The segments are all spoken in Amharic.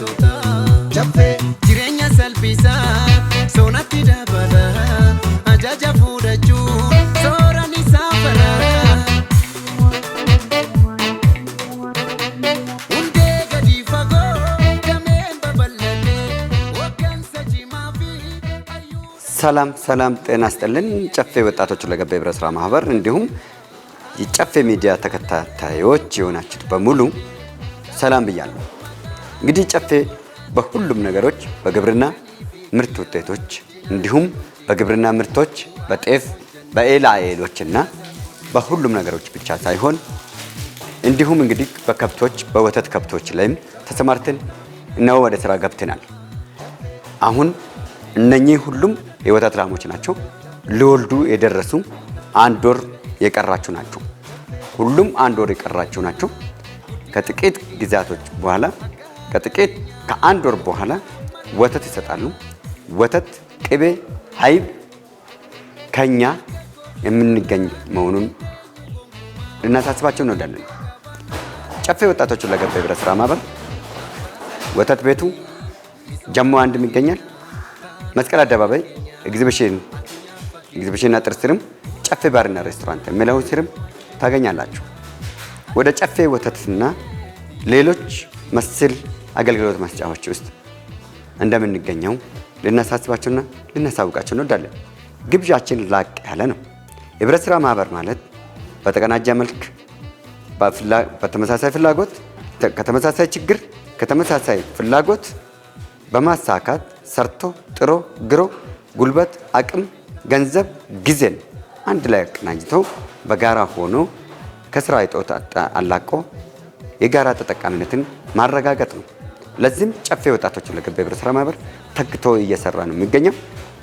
Gootota Jaffee jireenya salphisaa soonatti dabalaa ajaja fuudhachuun sooraan isaa baraa. Hundee gadi fagoo dameen babal'atee waggansa cimaa fi hayyuu. ሰላም ሰላም፣ ጤና ይስጥልን። ጨፌ ወጣቶች ለገባ የህብረት ስራ ማህበር እንዲሁም የጨፌ ሚዲያ ተከታታዮች የሆናችሁት በሙሉ ሰላም ብያለሁ። እንግዲህ ጨፌ በሁሉም ነገሮች በግብርና ምርት ውጤቶች እንዲሁም በግብርና ምርቶች በጤፍ በኤላ ኤሎችና በሁሉም ነገሮች ብቻ ሳይሆን እንዲሁም እንግዲህ በከብቶች በወተት ከብቶች ላይም ተሰማርተን ነው ወደ ስራ ገብተናል። አሁን እነኚህ ሁሉም የወተት ላሞች ናቸው። ሊወልዱ የደረሱ አንድ ወር የቀራችሁ ናቸው። ሁሉም አንድ ወር የቀራችሁ ናቸው። ከጥቂት ጊዜያቶች በኋላ ከጥቂት ከአንድ ወር በኋላ ወተት ይሰጣሉ። ወተት፣ ቅቤ፣ ሀይብ ከኛ የምንገኝ መሆኑን ልናሳስባቸው እንወዳለን። ጨፌ ወጣቶችን ለገባ የህብረት ስራ ማህበር ወተት ቤቱ ጀሞ አንድም ይገኛል። መስቀል አደባባይ ኤግዚቢሽን ኤግዚቢሽንና ጥርስ ስርም ጨፌ ባርና ሬስቶራንት የሚለው ስርም ታገኛላችሁ። ወደ ጨፌ ወተትና ሌሎች መስል አገልግሎት መስጫዎች ውስጥ እንደምንገኘው ልናሳስባቸውና ልናሳውቃቸው እንወዳለን። ግብዣችን ላቅ ያለ ነው። የህብረት ስራ ማህበር ማለት በተቀናጀ መልክ በተመሳሳይ ፍላጎት ከተመሳሳይ ችግር ከተመሳሳይ ፍላጎት በማሳካት ሰርቶ ጥሮ ግሮ ጉልበት፣ አቅም፣ ገንዘብ፣ ጊዜን አንድ ላይ አቀናጅቶ በጋራ ሆኖ ከስራ እጦት አላቆ የጋራ ተጠቃሚነትን ማረጋገጥ ነው። ለዚህም ጨፌ ወጣቶች ለገባ የህብረት ስራ ማህበር ተግቶ እየሰራ ነው የሚገኘው።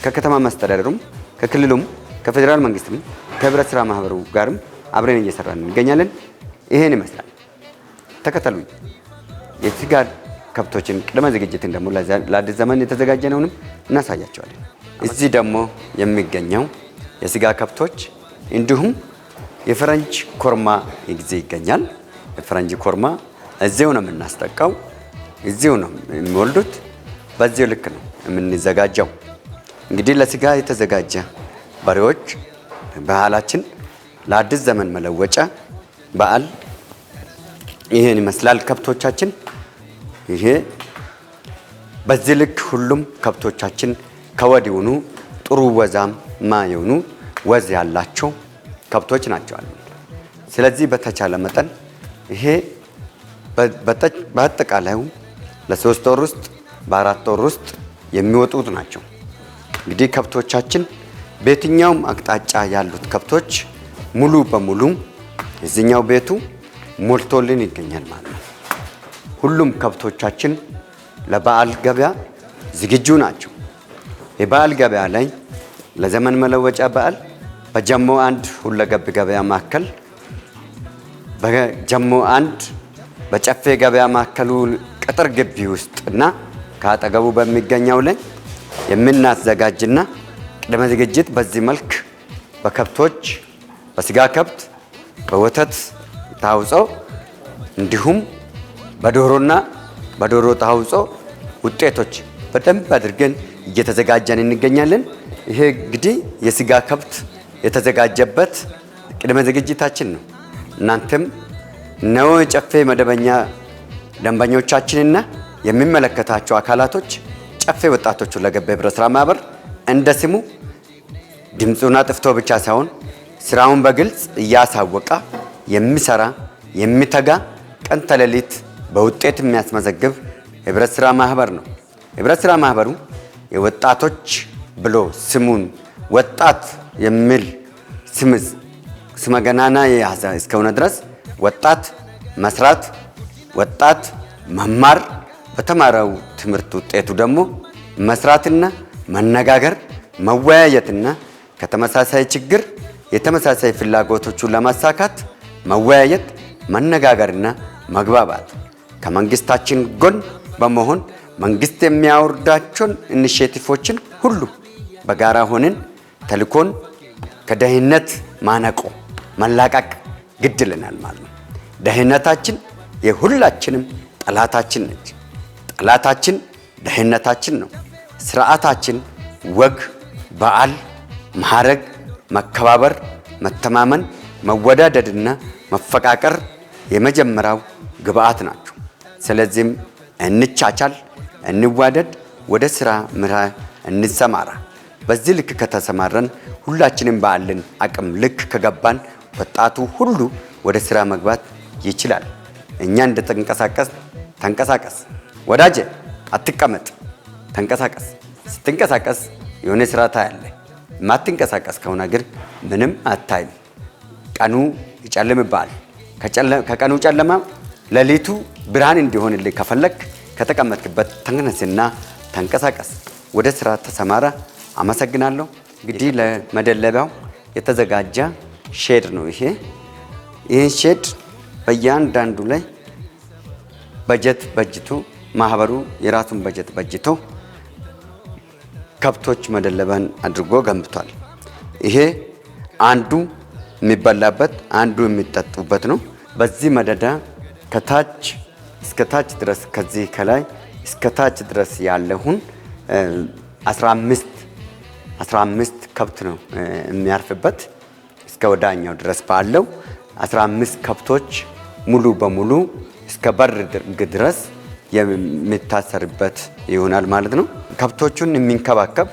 ከከተማ መስተዳደሩም ከክልሉም ከፌዴራል መንግስትም ከህብረት ስራ ማህበሩ ጋርም አብረን እየሰራ እንገኛለን። ይሄን ይመስላል። ተከተሉኝ። የትጋር ከብቶችን ቅድመ ዝግጅትን ደግሞ ለአዲስ ዘመን የተዘጋጀ ነውንም እናሳያቸዋለን። እዚህ ደግሞ የሚገኘው የስጋ ከብቶች እንዲሁም የፈረንጅ ኮርማ ጊዜ ይገኛል። የፈረንጅ ኮርማ እዚው ነው የምናስጠቃው። እዚሁ ነው የሚወልዱት። በዚሁ ልክ ነው የምንዘጋጀው። እንግዲህ ለስጋ የተዘጋጀ በሬዎች ባህላችን ለአዲስ ዘመን መለወጫ በዓል ይህን ይመስላል። ከብቶቻችን ይሄ በዚህ ልክ ሁሉም ከብቶቻችን ከወዲውኑ ጥሩ ወዛማ የሆኑ ወዝ ያላቸው ከብቶች ናቸዋል። ስለዚህ በተቻለ መጠን ይሄ በአጠቃላዩ ለሶስት ወር ውስጥ በአራት ወር ውስጥ የሚወጡት ናቸው። እንግዲህ ከብቶቻችን በየትኛውም አቅጣጫ ያሉት ከብቶች ሙሉ በሙሉ የዚኛው ቤቱ ሞልቶልን ይገኛል ማለት ነው። ሁሉም ከብቶቻችን ለበዓል ገበያ ዝግጁ ናቸው። የበዓል ገበያ ላይ ለዘመን መለወጫ በዓል በጀሞ አንድ ሁለገብ ገበያ ማዕከል በጀሞ አንድ በጨፌ ገበያ ማዕከሉ ቅጥር ግቢ ውስጥና ከአጠገቡ በሚገኘው ላይ የምናዘጋጅና ቅድመ ዝግጅት በዚህ መልክ በከብቶች በስጋ ከብት በወተት ተዋጽኦ እንዲሁም በዶሮና በዶሮ ታውጾ ውጤቶች በደንብ አድርገን እየተዘጋጀን እንገኛለን። ይሄ እንግዲህ የስጋ ከብት የተዘጋጀበት ቅድመ ዝግጅታችን ነው። እናንተም ነው ጨፌ መደበኛ ደንበኞቻችንና የሚመለከታቸው አካላቶች ጨፌ ወጣቶች ሁለገብ የህብረት ስራ ማህበር እንደ ስሙ ድምፁን አጥፍቶ ብቻ ሳይሆን ስራውን በግልጽ እያሳወቀ የሚሰራ የሚተጋ ቀን ተሌሊት በውጤት የሚያስመዘግብ ህብረት ስራ ማህበር ነው። ህብረት ስራ ማህበሩ የወጣቶች ብሎ ስሙን ወጣት የሚል ስምዝ ስመገናና የያዘ እስከሆነ ድረስ ወጣት መስራት ወጣት መማር፣ በተማረው ትምህርት ውጤቱ ደግሞ መስራትና መነጋገር፣ መወያየትና ከተመሳሳይ ችግር የተመሳሳይ ፍላጎቶቹን ለማሳካት መወያየት፣ መነጋገርና መግባባት ከመንግስታችን ጎን በመሆን መንግስት የሚያወርዳቸውን ኢኒሼቲቮችን ሁሉ በጋራ ሆነን ተልኮን ከደህንነት ማነቆ መላቀቅ ግድልናል ማለት ነው። ድህነታችን የሁላችንም ጠላታችን ነች። ጠላታችን ደህንነታችን ነው። ስርዓታችን ወግ፣ በዓል፣ ማዕረግ፣ መከባበር፣ መተማመን፣ መወዳደድና መፈቃቀር የመጀመሪያው ግብአት ናቸው። ስለዚህም እንቻቻል፣ እንዋደድ፣ ወደ ስራ ምራ እንሰማራ። በዚህ ልክ ከተሰማረን ሁላችንም ባለን አቅም ልክ ከገባን ወጣቱ ሁሉ ወደ ስራ መግባት ይችላል። እኛ እንደተንቀሳቀስ ተንቀሳቀስ፣ ወዳጀ አትቀመጥ፣ ተንቀሳቀስ። ስትንቀሳቀስ የሆነ ስራ ታያለ ማትንቀሳቀስ ከሆነ ግን ምንም አታይም። ቀኑ ይጨልምብሃል። ከቀኑ ጨለማ ሌሊቱ ብርሃን እንዲሆንልህ ከፈለክ ከተቀመጥክበት ተነስና ተንቀሳቀስ፣ ወደ ስራ ተሰማራ። አመሰግናለሁ። እንግዲህ ለመደለቢያው የተዘጋጀ ሼድ ነው ይሄ ይህን ሼድ በእያንዳንዱ ላይ በጀት በጅቶ ማህበሩ የራሱን በጀት በጅቶ ከብቶች መደለበን አድርጎ ገንብቷል። ይሄ አንዱ የሚበላበት አንዱ የሚጠጡበት ነው። በዚህ መደዳ ከታች እስከ ታች ድረስ ከዚህ ከላይ እስከ ታች ድረስ ያለሁን 15 15 ከብት ነው የሚያርፍበት እስከ ወዳኛው ድረስ ባለው 15 ከብቶች ሙሉ በሙሉ እስከ በር ድረስ የሚታሰርበት ይሆናል ማለት ነው። ከብቶቹን የሚንከባከብ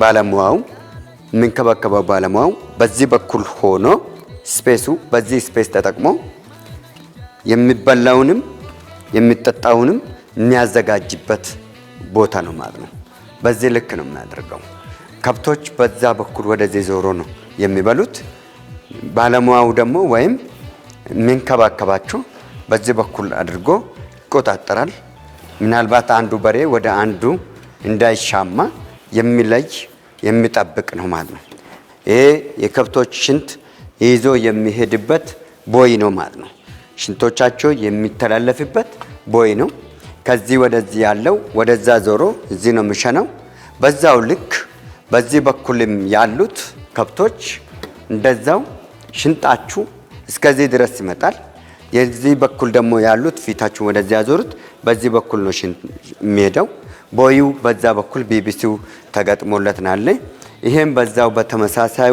ባለሙያው የሚንከባከበው ባለሙያው በዚህ በኩል ሆኖ ስፔሱ በዚህ ስፔስ ተጠቅሞ የሚበላውንም የሚጠጣውንም የሚያዘጋጅበት ቦታ ነው ማለት ነው። በዚህ ልክ ነው የሚያደርገው። ከብቶች በዛ በኩል ወደዚህ ዞሮ ነው የሚበሉት። ባለሙያው ደግሞ ወይም የሚንከባከባችሁ በዚህ በኩል አድርጎ ይቆጣጠራል። ምናልባት አንዱ በሬ ወደ አንዱ እንዳይሻማ የሚለይ የሚጠብቅ ነው ማለት ነው። ይሄ የከብቶች ሽንት ይዞ የሚሄድበት ቦይ ነው ማለት ነው። ሽንቶቻቸው የሚተላለፍበት ቦይ ነው። ከዚህ ወደዚህ ያለው ወደዛ ዞሮ እዚህ ነው የሚሸነው። በዛው ልክ በዚህ በኩልም ያሉት ከብቶች እንደዛው ሽንጣችሁ እስከዚህ ድረስ ይመጣል። የዚህ በኩል ደግሞ ያሉት ፊታችሁን ወደዚህ ያዞሩት። በዚህ በኩል ነው ሽንት የሚሄደው። ቦዩ በዛ በኩል ቢቢሲው ተገጥሞለት ናለ። ይሄም በዛው በተመሳሳይ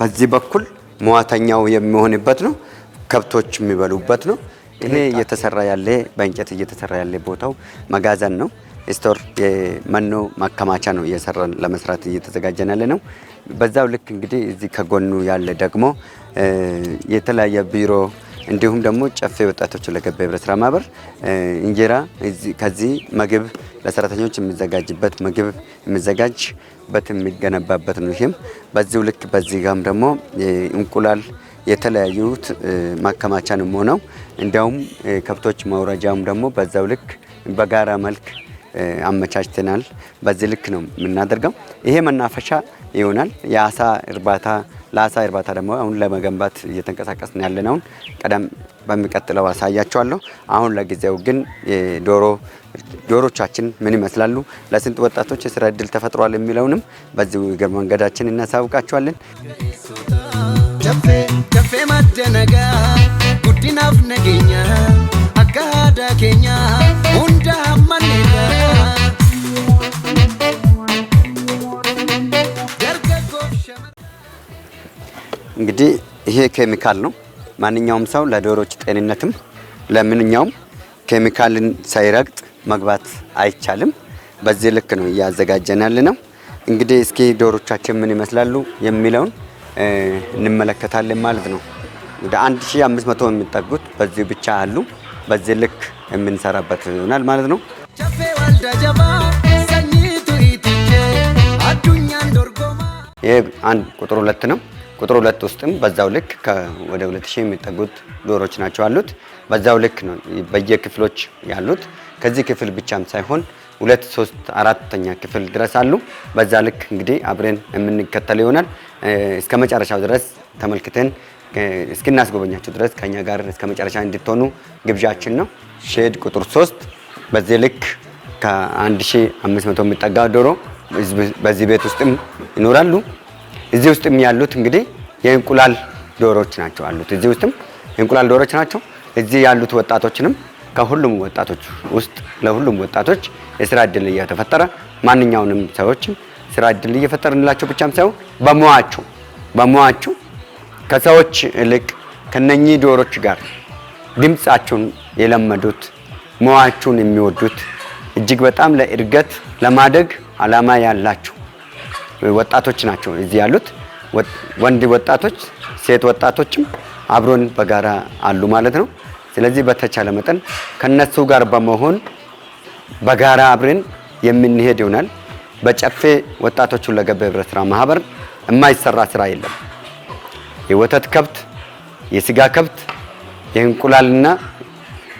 በዚህ በኩል መዋተኛው የሚሆንበት ነው። ከብቶች የሚበሉበት ነው። ይሄ እየተሰራ ያለ በእንጨት እየተሰራ ያለ ቦታው መጋዘን ነው። ስቶር የመኖ ማከማቻ ነው እየሰራን ለመስራት እየተዘጋጀን ያለ ነው። በዛው ልክ እንግዲህ እዚህ ከጎኑ ያለ ደግሞ የተለያየ ቢሮ እንዲሁም ደግሞ ጨፌ ወጣቶች ለገባ ህብረት ስራ ማህበር እንጀራ ከዚህ ምግብ ለሰራተኞች የሚዘጋጅበት ምግብ የሚዘጋጅበት የሚገነባበት ነው። ይህም በዚሁ ልክ በዚህ ጋም ደግሞ እንቁላል የተለያዩት ማከማቻ ነው ሆነው እንዲያውም ከብቶች መውረጃም ደግሞ በዛው ልክ በጋራ መልክ አመቻችተናል። በዚህ ልክ ነው የምናደርገው። ይሄ መናፈሻ ይሆናል። የአሳ እርባታ ለአሳ እርባታ ደግሞ አሁን ለመገንባት እየተንቀሳቀስን ያለነውን ቀደም በሚቀጥለው አሳያቸዋለሁ። አሁን ለጊዜው ግን ዶሮ ዶሮቻችን ምን ይመስላሉ፣ ለስንት ወጣቶች የስራ እድል ተፈጥሯል የሚለውንም በዚሁ እግር መንገዳችን እናሳውቃቸዋለን። ጨፌ ጉዲናፍ ነገኛ Sagada keenya እንግዲህ ይሄ ኬሚካል ነው። ማንኛውም ሰው ለዶሮች ጤንነትም ለምንኛውም ኬሚካልን ሳይረግጥ መግባት አይቻልም። በዚህ ልክ ነው እያዘጋጀናል ነው። እንግዲህ እስኪ ዶሮቻችን ምን ይመስላሉ የሚለውን እንመለከታለን ማለት ነው። ወደ 1500 የሚጠጉት በዚሁ ብቻ አሉ። በዚህ ልክ የምንሰራበት ይሆናል ማለት ነው። ይህ አንድ ቁጥር ሁለት ነው። ቁጥር ሁለት ውስጥም በዛው ልክ ወደ 2000 የሚጠጉት ዶሮች ናቸው አሉት። በዛው ልክ ነው በየክፍሎች ያሉት። ከዚህ ክፍል ብቻም ሳይሆን ሁለት ሶስት አራተኛ ክፍል ድረስ አሉ። በዛ ልክ እንግዲህ አብረን የምንከተል ይሆናል። እስከ መጨረሻው ድረስ ተመልክተን እስክናስጎበኛችሁ ድረስ ከኛ ጋር እስከ መጨረሻ እንድትሆኑ ግብዣችን ነው። ሼድ ቁጥር 3 በዚህ ልክ ከ1500 የሚጠጋ ዶሮ በዚህ ቤት ውስጥም ይኖራሉ። እዚህ ውስጥም ያሉት እንግዲህ የእንቁላል ዶሮዎች ናቸው አሉት። እዚህ ውስጥም የእንቁላል ዶሮዎች ናቸው። እዚህ ያሉት ወጣቶችንም ከሁሉም ወጣቶች ውስጥ ለሁሉም ወጣቶች የስራ እድል እየተፈጠረ ማንኛውንም ሰዎች ስራ እድል እየፈጠርንላቸው ብቻም ሳይሆን በሙያችሁ በሙያችሁ ከሰዎች ይልቅ ከነኚህ ዶሮች ጋር ድምፃቸውን የለመዱት መዋችሁን የሚወዱት እጅግ በጣም ለእድገት ለማደግ አላማ ያላቸው ወጣቶች ናቸው እዚህ ያሉት። ወንድ ወጣቶች፣ ሴት ወጣቶችም አብሮን በጋራ አሉ ማለት ነው። ስለዚህ በተቻለ መጠን ከነሱ ጋር በመሆን በጋራ አብረን የምንሄድ ይሆናል። በጨፌ ወጣቶቹን ለገበያ ህብረት ስራ ማህበር የማይሰራ ስራ የለም። የወተት ከብት፣ የስጋ ከብት፣ የእንቁላልና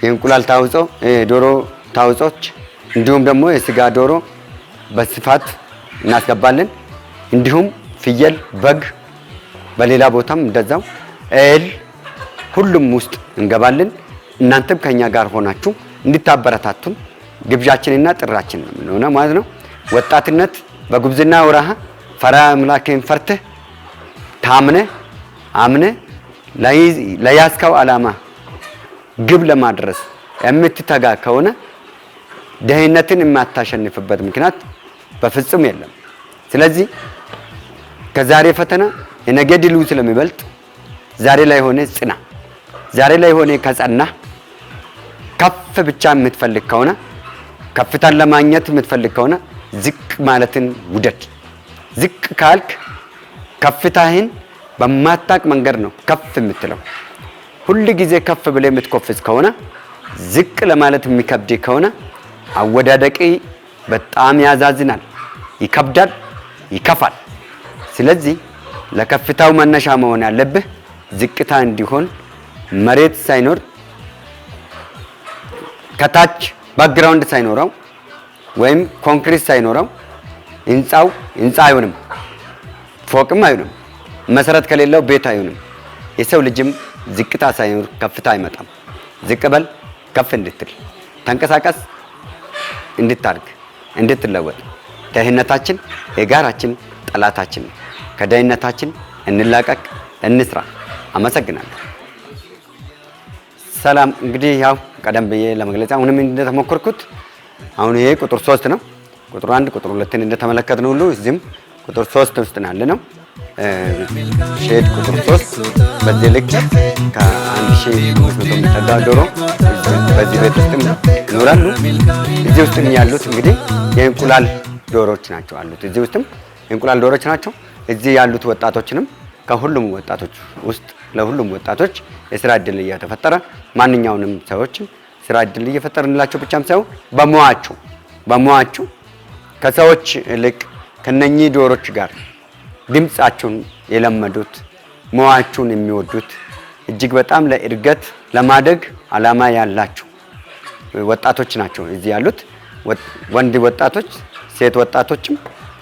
የእንቁላል ታውጾ የዶሮ ታውጾች እንዲሁም ደግሞ የስጋ ዶሮ በስፋት እናስገባለን። እንዲሁም ፍየል፣ በግ በሌላ ቦታም እንደዛው እል ሁሉም ውስጥ እንገባለን። እናንተም ከኛ ጋር ሆናችሁ እንድታበረታቱን ግብዣችንና ጥራችን ነው የምንሆነ ማለት ነው። ወጣትነት በጉብዝና ውረሃ ፈራ አምላክን ፈርተህ ታምነህ አምነ ለያዝከው ዓላማ ግብ ለማድረስ የምትተጋ ከሆነ ድህነትን የማታሸንፍበት ምክንያት በፍጹም የለም። ስለዚህ ከዛሬ ፈተና የነገ ድሉ ስለሚበልጥ ዛሬ ላይ ሆነ ጽና። ዛሬ ላይ ሆነ ከጸና ከፍ ብቻ የምትፈልግ ከሆነ ከፍታን ለማግኘት የምትፈልግ ከሆነ ዝቅ ማለትን ውደድ። ዝቅ ካልክ ከፍታህን በማታቅ መንገድ ነው ከፍ የምትለው። ሁል ጊዜ ከፍ ብለ የምትኮፍዝ ከሆነ ዝቅ ለማለት የሚከብድ ከሆነ አወዳደቂ በጣም ያዛዝናል፣ ይከብዳል፣ ይከፋል። ስለዚህ ለከፍታው መነሻ መሆን ያለብህ ዝቅታ እንዲሆን መሬት ሳይኖር ከታች ባክግራውንድ ሳይኖረው ወይም ኮንክሪት ሳይኖረው ህንፃው ህንፃ አይሆንም፣ ፎቅም አይሆንም። መሰረት ከሌለው ቤት አይሆንም። የሰው ልጅም ዝቅታ ሳይኖር ከፍታ አይመጣም። ዝቅ በል ከፍ እንድትል ተንቀሳቀስ፣ እንድታድግ፣ እንድትለወጥ። ድህነታችን የጋራችን ጠላታችን ነው። ከድህነታችን እንላቀቅ፣ እንስራ። አመሰግናለሁ። ሰላም። እንግዲህ ያው ቀደም ብዬ ለመግለጽ አሁንም እንደተሞከርኩት አሁን ይሄ ቁጥር ሶስት ነው። ቁጥር አንድ ቁጥር ሁለትን እንደተመለከትን ሁሉ እዚህም ቁጥር ሶስት ውስጥ ነው ያለ ነው። ሼድ ቁጥር ሶስት በዚህ ከአንድ ሺ የሚጠጋ ዶሮ በዚህ ቤት ውስጥ ይኖራሉ። እዚህ ውስጥም ያሉት እንግዲህ የእንቁላል ዶሮዎች ናቸው አሉት። እዚህ ውስጥም የእንቁላል ዶሮዎች ናቸው። እዚህ ያሉት ወጣቶችንም ከሁሉም ወጣቶች ውስጥ ለሁሉም ወጣቶች የስራ እድል እየተፈጠረ ማንኛውንም ሰዎችን ስራ እድል እየፈጠርንላቸው ብቻም ሳይሆን በሙያቸው በሙያቸው ከሰዎች ልቅ ከነኚህ ዶሮች ጋር ድምፃችሁን የለመዱት መዋችሁን የሚወዱት እጅግ በጣም ለእድገት ለማደግ አላማ ያላችሁ ወጣቶች ናቸው እዚህ ያሉት። ወንድ ወጣቶች፣ ሴት ወጣቶችም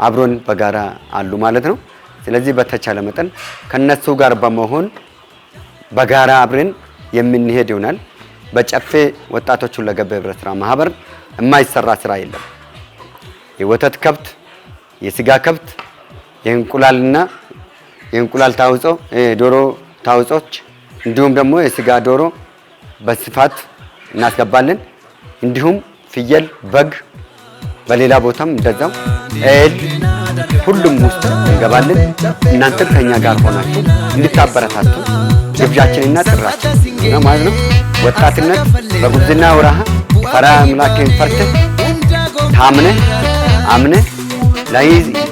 አብሮን በጋራ አሉ ማለት ነው። ስለዚህ በተቻለ መጠን ከነሱ ጋር በመሆን በጋራ አብረን የምንሄድ ይሆናል። በጨፌ ወጣቶች ሁለገብ ህብረት ስራ ማህበር የማይሰራ ስራ የለም። የወተት ከብት፣ የስጋ ከብት የእንቁላልና የእንቁላል ታውጾ ዶሮ ታውጾች እንዲሁም ደግሞ የስጋ ዶሮ በስፋት እናስገባለን። እንዲሁም ፍየል፣ በግ በሌላ ቦታም እንደዛው ኤል ሁሉም ውስጥ እንገባለን። እናንተ ከኛ ጋር ሆናችሁ እንድታበረታቱ ግብዣችንና ጥራችን ማለት ነው። ወጣትነት በጉብዝና ወራሃ ፈራ አምላክን ፈርተህ ታምነህ አምነህ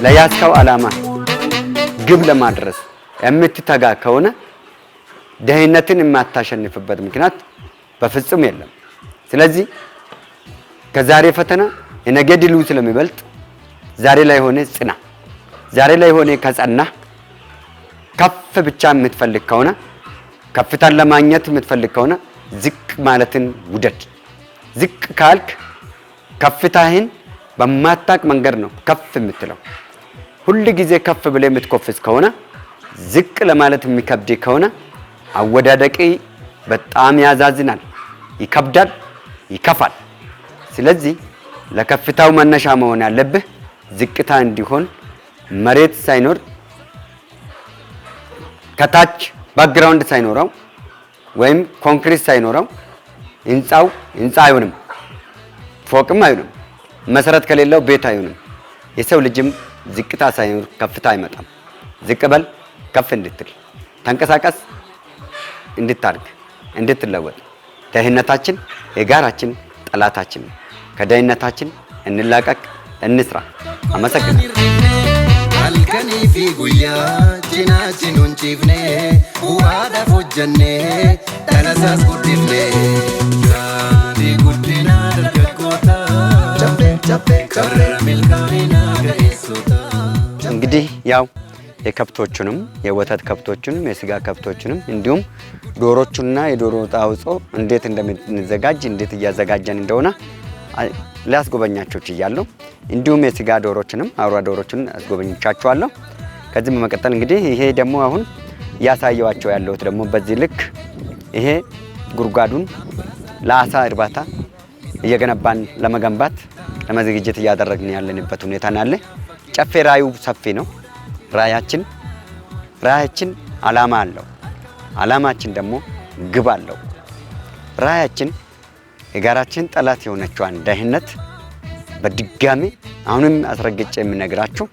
ለያዝከው ዓላማ ግብ ለማድረስ የምትተጋ ከሆነ ደህንነትን የማታሸንፍበት ምክንያት በፍጹም የለም። ስለዚህ ከዛሬ ፈተና የነገ ድሉ ስለሚበልጥ ዛሬ ላይ ሆነ ጽና። ዛሬ ላይ ሆነ ከጸና ከፍ ብቻ የምትፈልግ ከሆነ ከፍታን ለማግኘት የምትፈልግ ከሆነ ዝቅ ማለትን ውደድ። ዝቅ ካልክ ከፍታህን በማታቅ መንገድ ነው ከፍ የምትለው። ሁል ጊዜ ከፍ ብለ የምትኮፍስ ከሆነ ዝቅ ለማለት የሚከብድ ከሆነ አወዳደቂ በጣም ያዛዝናል፣ ይከብዳል፣ ይከፋል። ስለዚህ ለከፍታው መነሻ መሆን ያለብህ ዝቅታ እንዲሆን መሬት ሳይኖር ከታች ባክግራውንድ ሳይኖረው ወይም ኮንክሪት ሳይኖረው ህንፃው ህንፃ አይሆንም፣ ፎቅም አይሆንም። መሰረት ከሌለው ቤት አይሆንም። የሰው ልጅም ዝቅታ ሳይኖር ከፍታ አይመጣም። ዝቅ በል ከፍ እንድትል ተንቀሳቀስ እንድታርግ እንድትለወጥ። ደህነታችን የጋራችን ጠላታችን ነው። ከድህነታችን እንላቀቅ፣ እንስራ። አመሰግናለሁ። እንግዲህ ያው የከብቶቹንም የወተት ከብቶቹንም የስጋ ከብቶቹንም እንዲሁም ዶሮቹና የዶሮ ተዋጽኦ እንዴት እንደምንዘጋጅ እንዴት እያዘጋጀን እንደሆነ ሊያስጎበኛቸው ችያለሁ። እንዲሁም የስጋ ዶሮችንም አውራ ዶሮችን አስጎበኝቻችኋለሁ። ከዚህ በመቀጠል እንግዲህ ይሄ ደግሞ አሁን እያሳየዋቸው ያለሁት ደግሞ በዚህ ልክ ይሄ ጉድጓዱን ለአሳ እርባታ እየገነባን ለመገንባት ለመዝግጅት እያደረግን ያለንበት ሁኔታ ናለ። ጨፌ ራዩ ሰፊ ነው። ራያችን ራያችን አላማ አለው። አላማችን ደግሞ ግብ አለው። ራያችን የጋራችን ጠላት የሆነችዋን ደህንነት በድጋሚ አሁንም አስረግጬ የምነግራችሁ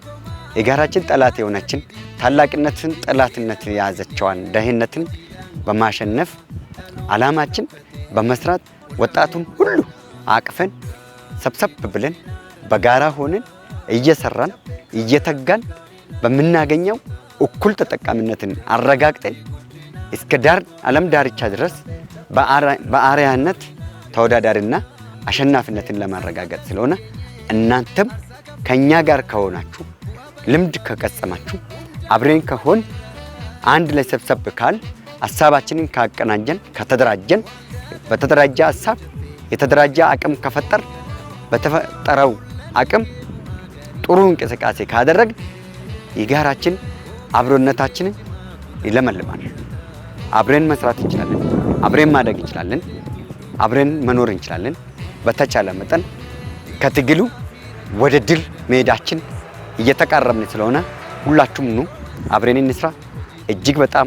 የጋራችን ጠላት የሆነችን ታላቅነትን ጠላትነት የያዘችዋን ደህንነትን በማሸነፍ አላማችን በመስራት ወጣቱን ሁሉ አቅፈን ሰብሰብ ብለን በጋራ ሆነን እየሰራን እየተጋን በምናገኘው እኩል ተጠቃሚነትን አረጋግጠን እስከ ዳር ዓለም ዳርቻ ድረስ በአርያነት ተወዳዳሪና አሸናፊነትን ለማረጋገጥ ስለሆነ እናንተም ከእኛ ጋር ከሆናችሁ ልምድ ከቀጸማችሁ አብሬን ከሆን አንድ ላይ ሰብሰብ ካል ሀሳባችንን ካቀናጀን ከተደራጀን በተደራጀ ሀሳብ የተደራጀ አቅም ከፈጠር በተፈጠረው አቅም ጥሩ እንቅስቃሴ ካደረግ የጋራችን አብሮነታችንን ይለመልማል። አብረን መስራት እንችላለን። አብረን ማደግ እንችላለን። አብረን መኖር እንችላለን። በተቻለ መጠን ከትግሉ ወደ ድል መሄዳችን እየተቃረብን ስለሆነ ሁላችሁም ኑ አብረን እንስራ። እጅግ በጣም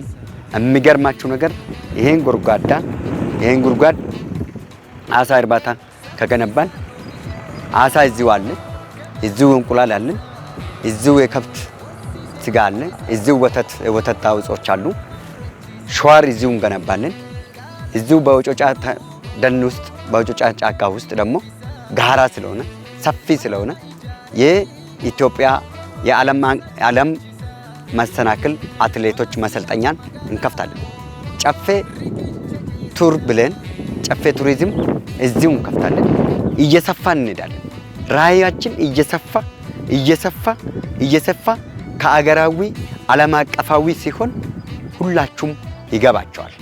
የሚገርማችሁ ነገር ይሄን ጉርጓዳ ይሄን ጉድጓድ አሳ እርባታ ከገነባን አሳ እዚሁ አለ፣ እዚሁ እንቁላል አለ፣ እዚሁ የከብት ስጋ አለ፣ እዚሁ ወተት የወተት ተዋጽኦች አሉ። ሸዋር እዚሁ እንገነባለን። እዚሁ በወጮጫ ደን ውስጥ በወጮጫ ጫካ ውስጥ ደግሞ ጋራ ስለሆነ ሰፊ ስለሆነ የኢትዮጵያ የዓለም መሰናክል አትሌቶች መሰልጠኛን እንከፍታለን። ጨፌ ቱር ብለን ጨፌ ቱሪዝም እዚሁ እንከፍታለን። እየሰፋን እንሄዳለን። ራዕያችን እየሰፋ እየሰፋ እየሰፋ ከአገራዊ ዓለም አቀፋዊ ሲሆን ሁላችሁም ይገባቸዋል።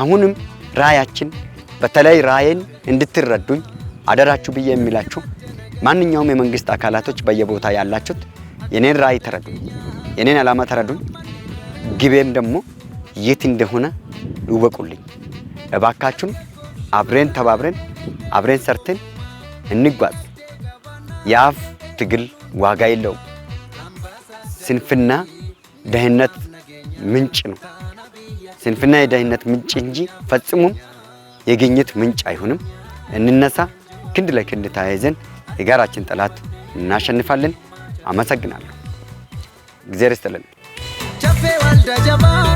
አሁንም ራዕያችን በተለይ ራዕይን እንድትረዱኝ አደራችሁ ብዬ የሚላችሁ ማንኛውም የመንግስት አካላቶች በየቦታ ያላችሁት የኔን ራዕይ ተረዱኝ፣ የኔን ዓላማ ተረዱኝ፣ ግቤም ደግሞ የት እንደሆነ ይወቁልኝ። እባካችሁን አብሬን ተባብረን አብሬን ሰርተን እንጓዝ። የአፍ ትግል ዋጋ የለው ስንፍና ደህንነት ምንጭ ነው። ስንፍና የደህንነት ምንጭ እንጂ ፈጽሞም የግኝት ምንጭ አይሆንም። እንነሳ፣ ክንድ ለክንድ ተያይዘን የጋራችን ጠላት እናሸንፋለን። አመሰግናለሁ። እግዚአብሔር ይስጥልን።